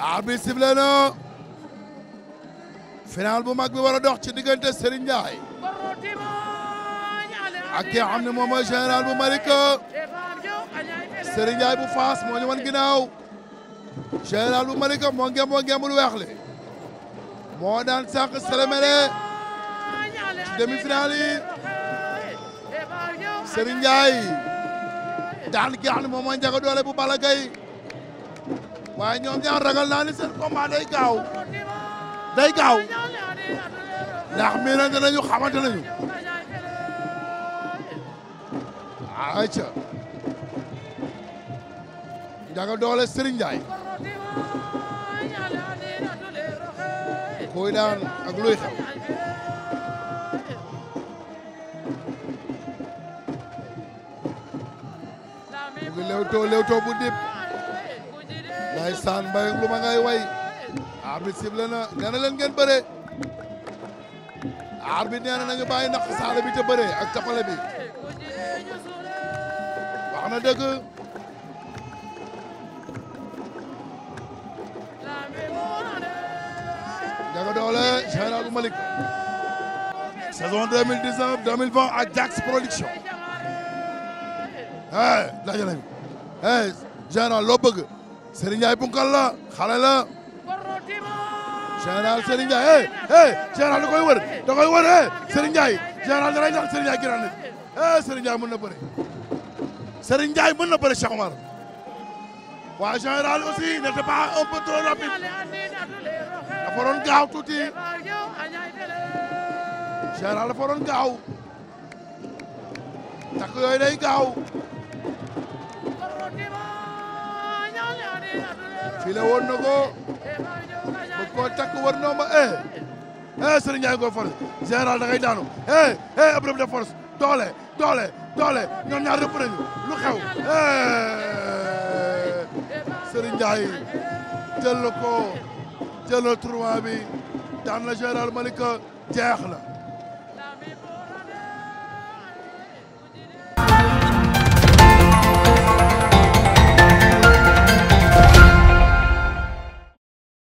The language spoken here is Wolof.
arbitre sifflé na final bu mag bi war dox ci diggante Serigne Ndiaye ak ki nga xam ne moom mooy général bu Malika Serigne bu Faas moo ñu wan ginnaaw général bu Malika moo ngeem moo moo daan sànq Sélémélé ci demi-finale daan ki nga xam ne moom mooy njaga bu Balla waaye ñoom ñaar ragal naa ni seen combat day gaaw day gaaw ndax miinante nañu xamante nañu aca njaga doole Serigne Ndiaye kuy daan ak luy xew mu ngi lewtoo lewtoo bu dib ndeysaan mbay lu ma ngay way arbitre sible na nee na leen ngeen bëree arbitre nee na nañu bàyyi naq saala bi te bëree ak tapale bi wax na dëgg Ndiaga Dollé Général bu Malick saison 2019 2020 ak Jax Production hey laaj nañu hey Général loo bëgg Serigne Ndiaye bunkal la xale la général Serigne Ndiaye eh eh général da koy wër da koy wër eh Serigne Ndiaye général da lay ñaan Serigne Ndiaye giraane eh Serigne Ndiaye mën na bëre Serigne Ndiaye mën na bëre Cheikh Omar waa général aussi n'était pas un peu trop rapide dafa doon gaaw tuuti général dafa doon gaaw takk yooyu day gaaw. file woon na ko ba koo takk war noo ma eh eh Serigne Ndiaye ngoo force général da ngay daanu eh eh ab de force doole doole doole ñoom ñaar rëpp nañu lu xew eh Serigne Ndiaye jël ko jël tournoi bi daan na général Malika jeex na.